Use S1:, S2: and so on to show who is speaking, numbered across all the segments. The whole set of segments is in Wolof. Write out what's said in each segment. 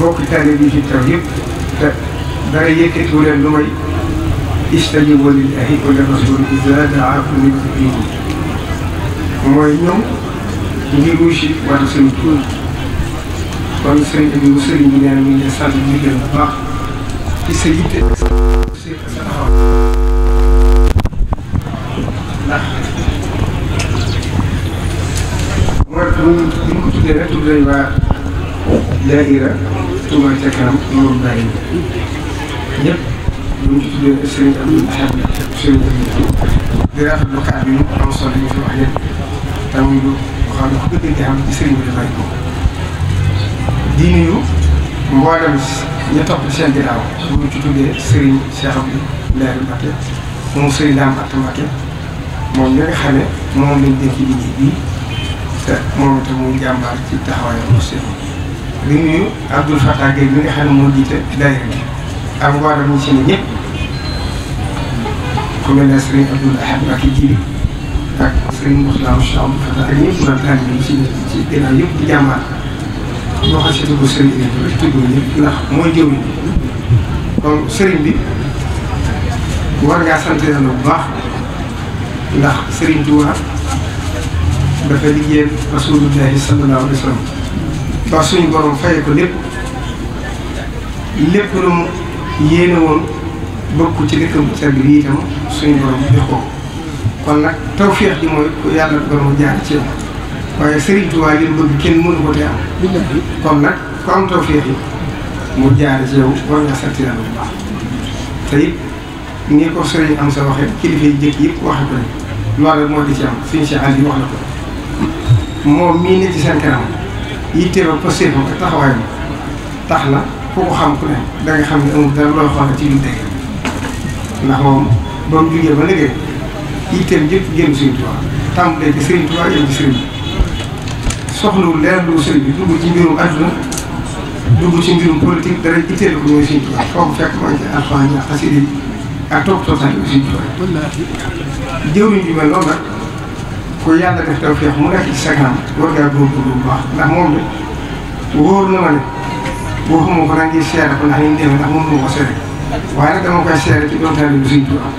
S1: bokk taalib yi fi taw yëpp te dara yëkkatiwu leen lu may istajiibu lillaahi wa lirrasuuli izaa da'aakum limaa yuhyiikum mooy ñëw ngir wu si wàllu seen tur kon sëriñ bi bi nee na mu ngi sant di gën bu baax ci sa yitte ndax mooy bu ñu ko tuddee rek tuddee daayira Touba ca kanam Nour Baye ñëpp ñu ngi tuddee Serigne Abdou Lahad Serigne Abdou di rafetlu yi am solo yi fi wax yëpp te lu xam ne ku bëgg di am ci Serigne bi dafay ko di nuyu mboolem ñu topp seen ginnaaw bu ñu ci tuddee Serigne Cheikh Abdou Lahad Mbacké moom Serigne Dame Atta moom ñi nga xam ne moom lañ dénk te moom itam mu jàmbaar ci taxawaayam bu di nuyu Abdoul Fattah Gueye bi nga xam ne moo jiite daayira bi ak mboolem ñi ci ne ñëpp ku ne Serigne Abdoul Ahad ak Jibi ak Serigne Moussa ak ñëpp doon tànn ñu ci ci ginnaaw yëpp di si dugg Serigne bi tudd ñëpp ndax mooy jëw ñi kon Serigne bi war ngaa sant yàlla bu baax ndax Serigne Touba dafa liggéeyal Rasulullahi sallallahu alayhi wa sallam ba suñu borom fay ko lépp lépp lu mu yéene woon bokk ci dëkkam bu tedd bi itam suñu borom jox ko kon nag tawféex ji mooy ku yàlla borom jaar ci yow waaye Serigne Touba li bëgg kenn mënu ko te am. kon nag ku am tawféex yi mu jaar ci yow war nga sant yàlla bu baax te it ni ko sëriñ am sa waxee kilifa yi jëkk yëpp waxe ko ne loolu mooy di ci am suñu si àll yi wax na ko moom mii ne ci seen kanam. yitteewam pastéefam ak taxawaayam tax na ku ko xam ku ne danga xam ne amul dara looy xool ci lu teg ndax moom ba mu jugee ba léegi yitteem jëpp génn Sëriñ Tuubaa tàmbalee ci Sëriñ Tuubaa yem ci sëriñ leer lu sëriñ bi dugg ci mbirum adduna dugg ci mbirum politique dara itteel ko mooy Sëriñ Tuubaa foofu fekk mooy ci alxuraan yi yi ak topp tootaan yi Sëriñ Tuubaa jëwriñ bi mel noonu nag ko yàlla def tawfeex mu nekk ci sa kanam war ngaa góorgóorlu bu baax ndax moom de wóor na ma ne waxuma ko da seere ko ndax ñu demee ndax moom ko seere waaye dama koy seere ci doontaale bi Sëriñ Tuubaa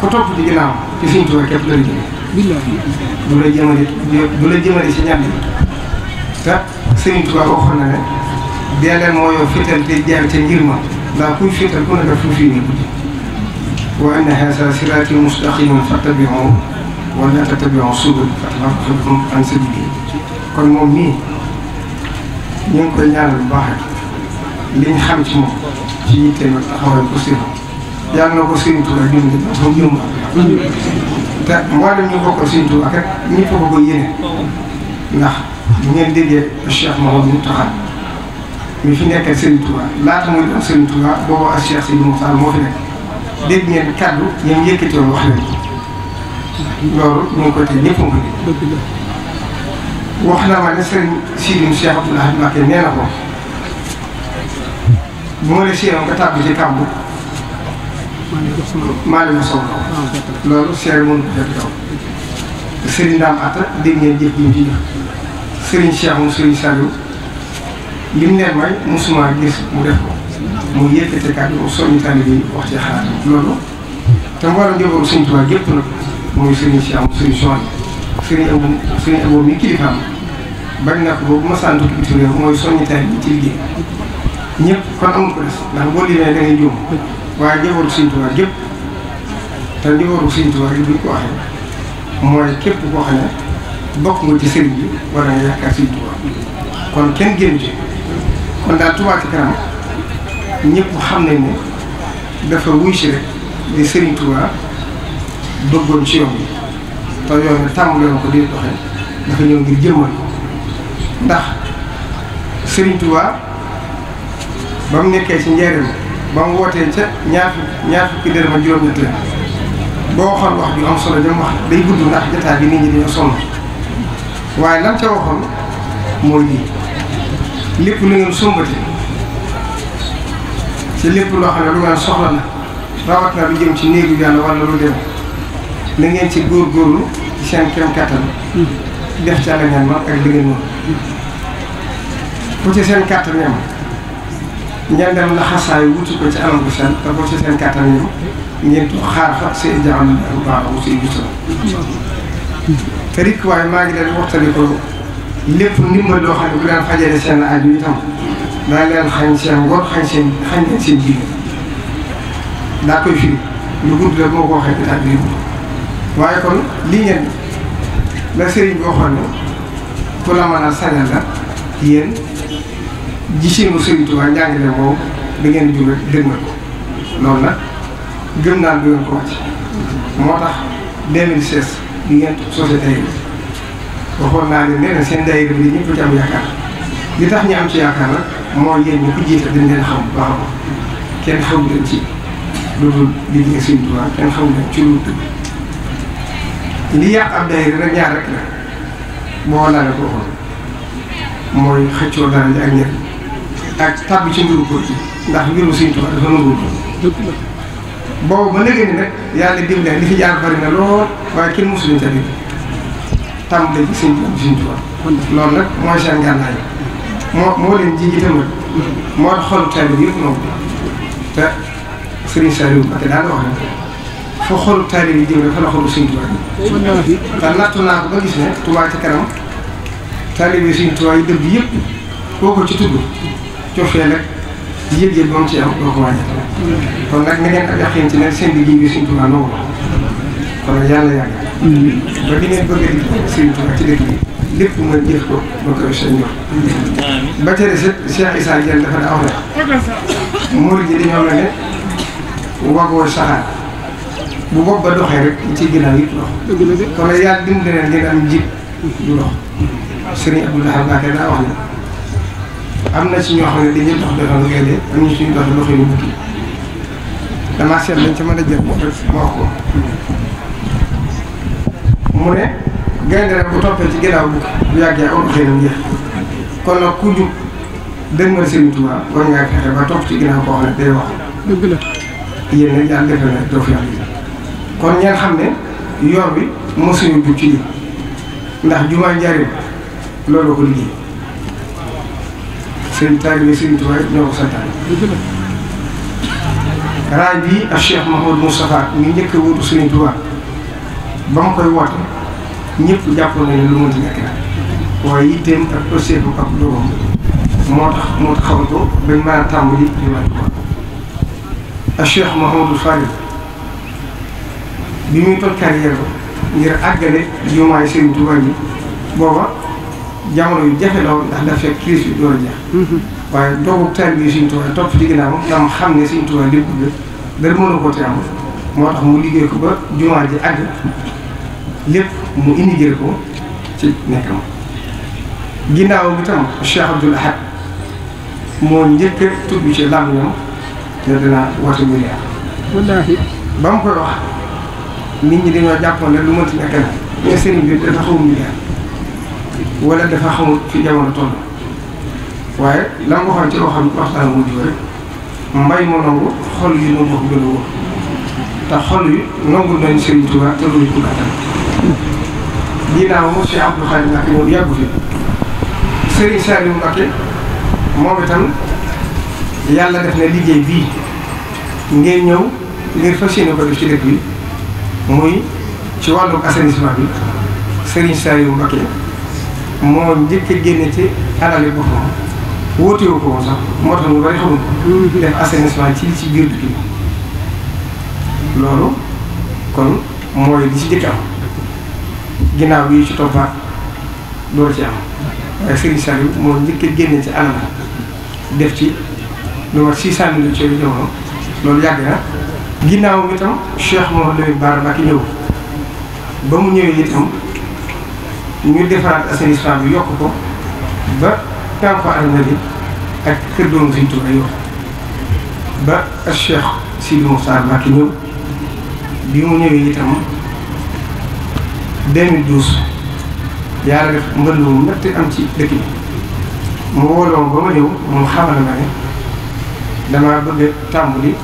S1: ko topp ci ginnaaw ci Sëriñ Tuubaa képp la la jëmee. du la jëmale du la jëmale si ñànd yi te Sëriñ Tuubaa waxoon na ne dee leen yow fital te jaar ca ngir ndax kuy fital ku nekk fu fii nii guddi wa anna haza siraati mustaqiman fattabi'uhu wala tattabi'u subul fatahkum an sabilihi kon moom nii ñu ngi koy ñaanal bu baax rek li ñu xam ci moom ci yitte nag taxawal ko si yàlla na ko Serigne Touba ak ñoom ñëpp moom ñoom te mboolem ñu bokkal Serigne Touba ak rek ñëpp ko koy yéene ndax bu ngeen déggee Cheikh Mouhamadou Mountakha mi fi nekkee Serigne Touba laata muy doon Serigne Touba boobu ak Cheikh Sidi Moussa moo fi nekk dégg ngeen kaddu yéen yëkkati woon wax leen loolu ñu ngi koy tey ñëpp mu wax na ma ne sëriñ Sidim Cheikh Abdoul Ahad Mbacké nee na ko bu ma la séeroon nga tàbbi ci kàmb. maa ngi jox ah, loolu seere mënu Atta dégg ngeen jëf ñu ji sëriñ Cheikh mu sëriñ li mu neen may musuma gis mu def ko mu yëkkati kàddu soññu tànn bi wax ci xalaat loolu te mboolem jëfoo suñu tubaab yëpp nag. muy sëriñ si am suñu soxla sëriñ Abou sëriñ Abou mi kilifaam bañ na ko boobu ma sant ci réew mooy soññi tay bi ci liggéey ñëpp kon amul ko des ndax boo limee da ngay juum waaye njabootu Sëriñ Tuubaa gépp te njabootu Sëriñ Tuubaa gi bu ñu ko waxee mooy koo xam ne bokk ci sëriñ bi wala nga yaakaar Sëriñ dafa wuy si rek di Sëriñ Tuubaa dugul ci yoon te yoon wi tàmbaloon ko di doxe dafa ñëw ngir jëmmal ndax Serigne Touba bam nekké ci njëriñ bam woté ci ñaar ñaar fukki dërëm ak juróom-ñett la boo waxoon wax bi am solo jëm wax day gudd ndax jotta bi nit ñi dañoo sonu waye lam ci waxon moy lii lepp lu ngeen sombati ci lepp lo xam ne lu ngeen soxla na rawat na bi jëm ci neegu yalla wala lu dem na ngeen ci góorgóorlu ci seen kéem kattan. Hmm. def ci àll ñaan man ak li ngeen moom ci seen kattan ñam ngeen dem la xasaay wuti ko ci anam bu seen te ngeen xaar fa seen jaxam bu baax a wuti gisoo. te rikk waaye maa ngi leen waxtali ko lépp ndimbal loo xam ne bu daan fajale seen aju itam daa leen xañ seen ngor xañ seen xañ leen seen jiw daa koy firi lu gudd la moo ko waxee état bi waaye kon lii ngeen la sëriñ bi waxoon ne ku la mën a sañal la yéen giseenu Sëriñ Tuubaa njàngale moom da ngeen jur rek dégg na ko loolu nag gëm naa du ngeen ko wàcc moo tax 2016 bi ngeen sosé tey waxoon naa leen nee na seen daayira bi ñëpp ci am yaakaar li tax ñu am ci yaakaar nag moo yéen ñi ko jiite dañ xam baax kenn xaw leen ci loolu liggéey Sëriñ Tuubaa kenn xaw leen ci lu dëgg li yàq ab daayira rek ñaar rek la moo laa ne ko mooy xëccoo dara ji ak ñett ak tàbb ci mbiru góor gi ndax mbiru Sëriñ Tuubaa dafa boobu ba léegi ni yàlla dimbali li fi jaar bari na lool waaye kenn mosuñu tamit tàmbali ci Sëriñ Tuubaa Sëriñ Tuubaa loolu nag mooy seen gànnaay moo moo leen ji itam nag moo tax xol tamit yëpp noonu te Sëriñ Saliou Mbacké daal wax na fa xolu taalibe yi jëm fa la xolu Sëñ Tuubaa yi. ndax nattu naa ko ba yi dëgg yëpp koo ci tudd cofee rek yëg-yëg ba mu ci am doo ko wàññi. kon nag na ngeen ak yaqin ci ne seen liggéey bi Sëñ Tuubaa noonu kon nag yàlla ba li bëgg a di Sëñ Tuubaa ci dëkk bi. lépp mooy jëf ko ba koy seen yoon. ba tey rek Cheikh Issa Diène dafa ne aw
S2: na.
S1: murid yi dañoo mel ne wagoo saxaar. bu bopp ba doxé rek ci ginnaaw yi dox. dëgg la de kon nag yàlla dimbali ngeen am jib du dox. serigne abdou Abdoulaye Mbacké da wax ne am ci ñoo xamne ne dañuy dox doxal ngeen de am ñu suñu dox doxee bu bukki damaa seet lañ ci mëna jël bopp rek ma ko. mu ne gaynde rek bu topé ci ginnaaw bu bu yàggee am xëy na njeex kon la ku jub dëgmal Sëriñ Tuubaa war ngaa fexe ba top ci ginnaaw ko xamne day wax. dëgg la yéne nag yàlla defal na doo fi kon ngeen xam ne yor bi mosuñu dugg ci lii ndax jumaa njariñ loolu ko liggéey seen taalibe seen tubaab ñoo ko santaane raay bii ak Cheikh Mahamadou Moustapha mi njëkk wutu seen tubaab ba mu koy woote ñëpp jàpp nañu lu mënti nekk la waaye yitteem ak procès bu ak doomam moo tax moo tax xaw ko bañ mën a tàmbali jumaa ak Cheikh Mahamadou Farid bi muy toj carrière ba ngir àggale jumaay Sëriñ Tuubaa bi booba jamono yu jafe la woon ndax dafa fekk crise bi door a jeex mhm. waaye doogu taalibe bi Sëriñ Tuubaa topp ci ginnaawam dama xam ne Sëriñ Tuubaa lépp dara mën ko te am moo tax mu liggéey ko ba jumaa ji àgg lépp mu indi ko ci nekkam ginnaaw bi tam Cheikh Abdoul Ahad moo njëkk a tudd ci làmmiñam ne dinaa woote milliard wallaahi ba mu koy wax nit ñi dañoo jàppoon lu mënti nekk na mais sëriñ bi dafa xaw mu wala dafa xamul fi jamono toll waaye la nga waxoon ci waxam waxtaan wu jiw rek mbay ma nangu xol yi te xol yi nangu nañ sëriñ Tuubaa te loolu ko gàttal ginnaaw mo Cheikh Abdou Khadre Mbacké moom yàggu fi sëriñ Saliou Mbacké moom itam yàlla def na liggéey bii ngeen ñëw ngir fas yéene ko def ci dëkk bi muy ci wàllum assainissement bi Serigne Saliou Mbacké moo njëkk a génne ci alali boppam wóotewu ko woon sax moo tax ñu bari xamul ko mm-hmm. def assainissement ci ci biir dëkk bi loolu kon mooy li ci njëkk am ginnaaw yi ci toppaat door ci am waaye Serigne Saliou moo njëkk a génne ci alal def ci lu mat six cent millions ci jamono loolu yàgg na ginnaaw bi itam Cheikh Mouhamadou Lamine Bara Mbacké ñëw ba mu ñëwee itam ñu defaraat assainissement bi yokk ko ba Kanko Arna bi ak kër doomu Sëriñ Tuubaa yokk ba ak Cheikh Sidi Moustapha Mbacké ñëw bi mu ñëwee itam 2012 yàlla def mbënd mu métti am ci dëkk bi mu wooloon ba ma ñëw mu xamal ma ne damaa bëgg tàmbali.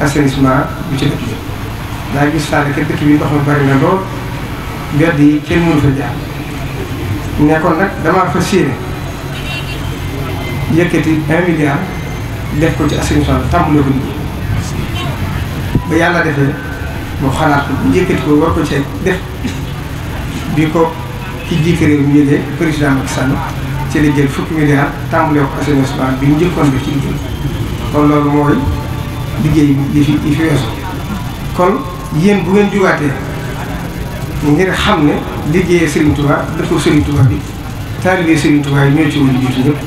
S1: assainissement bu ci dëkk bi daa gis saa ne dëkk bi ndox mi bari na lool mbedd yi kenn mënu fa jaar nekkoon nag damaa fas yéene yëkkati un milliard def ko ci assainissement bi tàmbale ba yàlla defee mu xalaat ko yëkkati ko war ko ci def bi ko ci jiite réew mi yëgee président Macky Sall ci la jël fukki milliard tàmbale ko bi njëkkoon bi ci liggéey kon loolu mooy. liggéey yi fi fi weesu kon yéen bu ngeen jugaatee ngir xam ne liggéeyee Serigne Touba dafa Serigne bi taalibe Serigne Touba yi ñoo ci woon jiitu ñëpp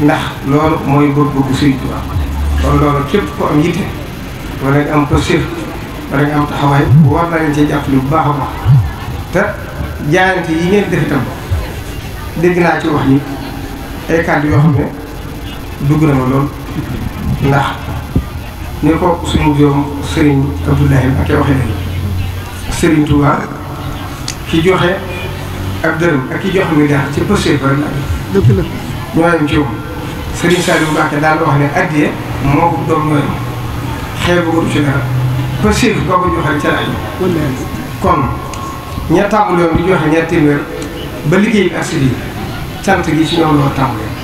S1: ndax loolu mooy bëgg-bëggu Serigne Touba kon loolu képp ko am yitte wala nga am posture wala nga am taxawaay war na leen cee jàppale bu baax a baax te jaayante yi ngeen def itam dégg naa ci wax ni ay kàddu yoo xam ne dugg na ma lool ndax. ni ko suñu joom sëriñ Abdoulahi Mbacké waxee léegi sëriñ Touba ki joxe ak dërëm ak ki joxe mi daal ci pësee fa la ñoo yem ci moom sëriñ Saliou Mbacké daal wax ne addiye moo ko doom ñooy xeebu ko du ci dara pësee fa ko joxe ca laaj kon ña tàmbuloon di joxe ña téeméer ba liggéey ak sëriñ cant gi ci ñoom loo tàmbulee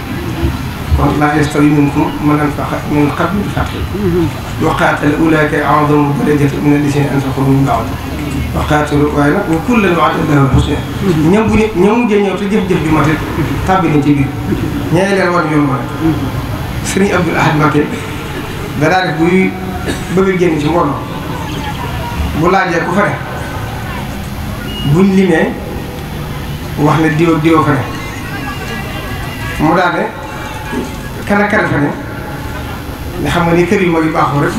S1: والله يستوي منكم من أنفق من قبل الفتح وقاتل أولئك أعظم wa kullan wa'ada Allahu al-husnaa ñoom bu ñu ñoom mujjee ñëw te jëf-jëf ju wax ne diw diw fa ne daane kana kana fa ne nga xam nga ni kër yu mag yu baaxoo rek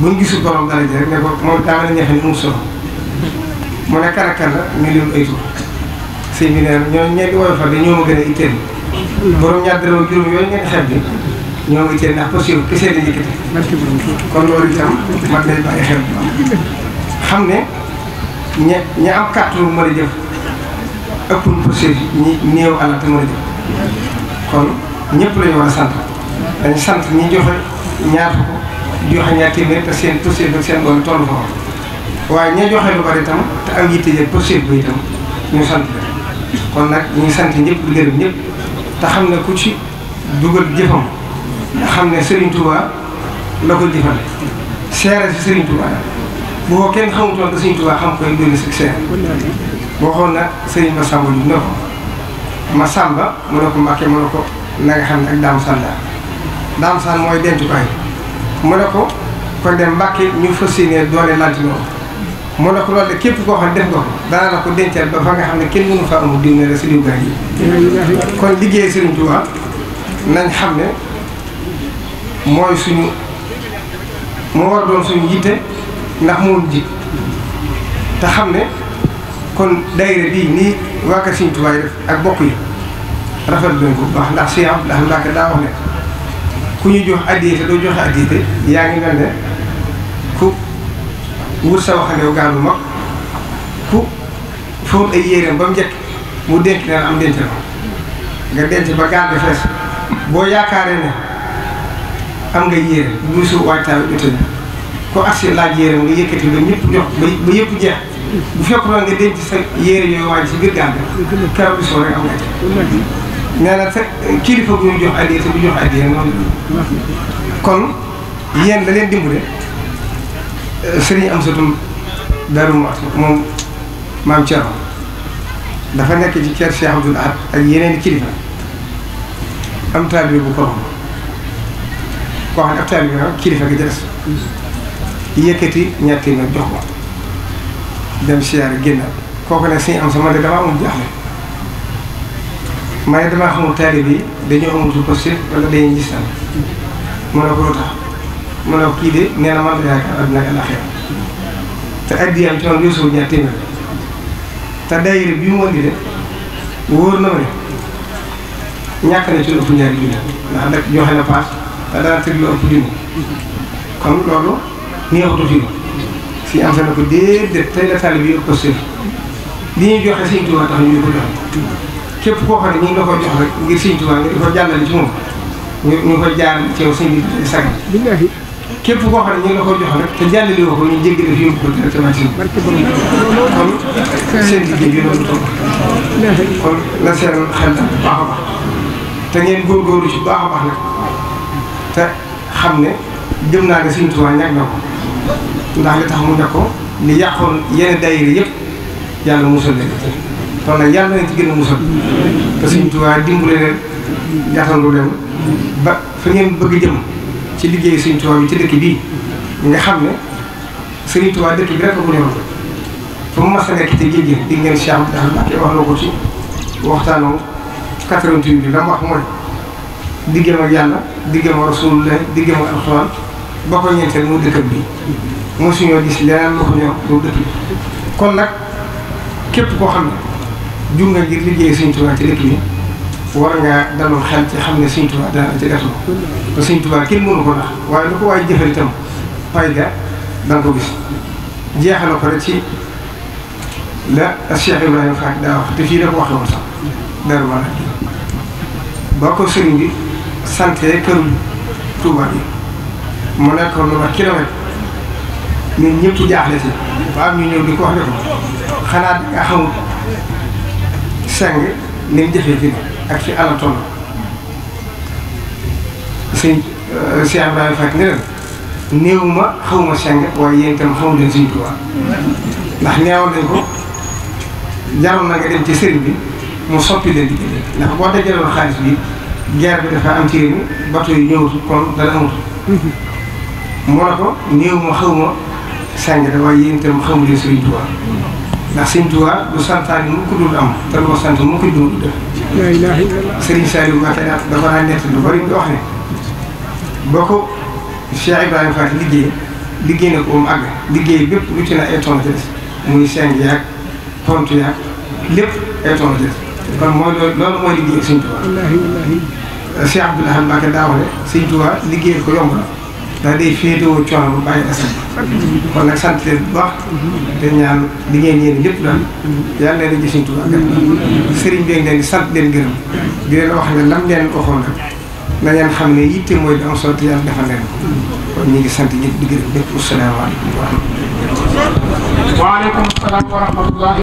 S1: buñ gisul borom dara ji rek ne ko moom daa mel ne ñax ni mu solo mu ne kana kana ñu lim ay tur sëñ bi nee na ñoo ñeenti woyofal de ñoo ma gën a itteel borom ñaar dërëm juróom yooyu ñeenti xeet bi ñoo ma itteel ndax parce que kese la njëkkati kon loolu itam mat nañ bàyyi xel bu xam ne ña ña am kàttu mën a jëf ëpp nu ñi néew alal te mën a kon ñëpp la ñu war a sant dañ sant ñi joxe ñaar ko joxe ñaar téeméer te seen poursuivre ak seen doole tollu fa waaye ña joxe lu bari itam te kon nag ñu ngi sant ñëpp di gërëm te xam ne ko jëfale seere si Serigne Touba ko kenn xamutoon que Serigne Touba xam koy doy na si seere boo xool nag Serigne Massamba ñu ne ko Massamba mu ne ko Mbacke mu ko. na xam ne ak daam saan mooy daam saan mooy mu ne ko kon dem mbàkki ñu fas yéene doone lantinoor mu ne ko loolu de képp koo xam ne def nga ko dana la ko dencal ba fa nga xam ne kenn mënu fa amul diw ne la si diw gaay yi kon liggéey Sëriñ Tuubaa nañ xam ne mooy suñu moo war doon suñu yitte ndax moom ji te xam ne kon daayira bii ni waa kër Sëriñ Tuubaa yi ak bokk yi rafet nañ ko bu baax ndax Cheikh daa wax ne ku ñu jox addiya te doo joxe addiya te yaa ngi mel ne ku wut sa waxandew gaal bu mag ku fóot ay yéreem ba mu njëkk mu denc leen am denc la nga denc ba gaal fees boo yaakaaree ne am nga yére bu su waajtaay bi utali ko agsi laaj yére nga yëkkati ba ñëpp jox ba yëpp jeex bu fekkoon nga denc sa yére yooyu waaj si biir gaal bi keroog bi soo rek am nga ci nee na fekk kilifa bu ñu jox addiya te du jox addiya kon yéen da leen dimbale sëriñ am satum daru mu at moom maam Thierno dafa nekk ci kër Cheikh Abdoul Ahad ak yeneen kilifa am taalibe bu ko koo xam ne ab taalibe kilifa gi jëles yëkkati ñetti nag jox ko dem siyaare génn kooku ne suñu am sama de damaa amul jaaxle maa ngi damaa xamul taalib yi dañoo amatul ko si wala dañuy gis daal mu ko tax mu ne ko kii de nee na mënta yaakaar àdduna ak àllaaxira te addiyaam ci man yoosuwul ñaar téeméer te daayira bi mu andi de wóor na ma ne ñàkk na ci lu ëpp ñaari junni ndax nag joxe lu si am sa na ko déedéet tey la taalib yi ëpp si li ñuy joxe Sëñ Tuubaa tax ñu ko joxe képp koo xam ne ñu nga ko jox rek ngir sëñ Tuubaa nga di ko jàllale ci moom ñu ñu ko jaar ci yow sëñ bi képp koo xam ne ñu nga ko jox rek te jàllale woo ko ñu jéggi def yóbbu ko directement ci kon seen liggéey bi loolu toog kon la seen xel tam baax a baax te ngeen góorgóorlu ci baax a baax nag te xam ne jëm naa ne sëñ Tuubaa ñàkk na ko ndax li tax mu ñàkk ko li yàqoon yenn daayira yëpp yàlla musal leen kon nag yàlla na ci gën a suñ tubaab dimbale leen yaatal lu ci liggéey suñ tubaab yi ci dëkk bii nga xam ne suñu tubaab dëkk bi mu mas a nekk te jéggi di ngeen Cheikh bi la mu wax mooy diggam ak yàlla diggam ak rasulullah diggam ak mu dëkk bi kon nag képp koo xam ne jur nga ngir liggéey Sëñ Tuubaa ci dëkk bi war ngaa daloon xel ci xam ne Sëñ Tuubaa dana ci def loo ko ndax waaye lu ko waay jëfal ko gis jeexal ko rek ci la Cheikh ko waxee woon sax dara ma ba ko sëriñ bi santee kërum Touba bi mu nekkoon lu mat kilomètre ñun ñëpp jaaxle si ba am ñu ñëw di ko wax ne ko xanaa nga xamul sàng ni mu jëfee fii ak fi àll toll. sëñ euh, Cheikh Ibrahima Fall ne leen néew ma xaw ma sàng waaye yéen itam xaw leen Sëñ Tuubaa ndax neewal nañ ko jaroon na nga dem ci sëriñ bi mu soppi leen liggéey ndax boo dajaloon xaalis bi guerre bi dafa am ci réew mi bato yi ñëwatul kon dara amatul. moo ne ko néew ma xaw ma waaye yéen itam xaw leen Sëñ Tuubaa ndax sëñ Tuubaa du santaane mu ko dul am te loo sant mu ko dul def. la ilaha illallah Serigne Saliou Mbacké dafa naa lu bari di wax ne boo ko Cheikh Ibrahima liggéey liggéey na ko mu àgg liggéey bépp lu ci na ay tontu des muy seng yaag tontu yaag lépp ay tontu kon mooy loolu mooy liggéey ak sëñ Tuubaa. Cheikh Abdoul Ahad Mbacké daa wax ne sëñ Tuubaa liggéey ko yomb na. ndax day féetewoo coono bu bàyyi asam kon nag sant leen bu baax te ñaan li ngeen yéen lépp daal yàlla na leen di Sëriñ Tuubaa sëriñ bi leen di sant leen gërëm di leen wax ne lam leen waxoon rek na ngeen xam ne yitte mooy di am solo te yàlla defal leen kon ñu ngi sant ñëpp di gërëm lépp asalaamaaleykum wa
S2: rahmatulah waaleykum salaam wa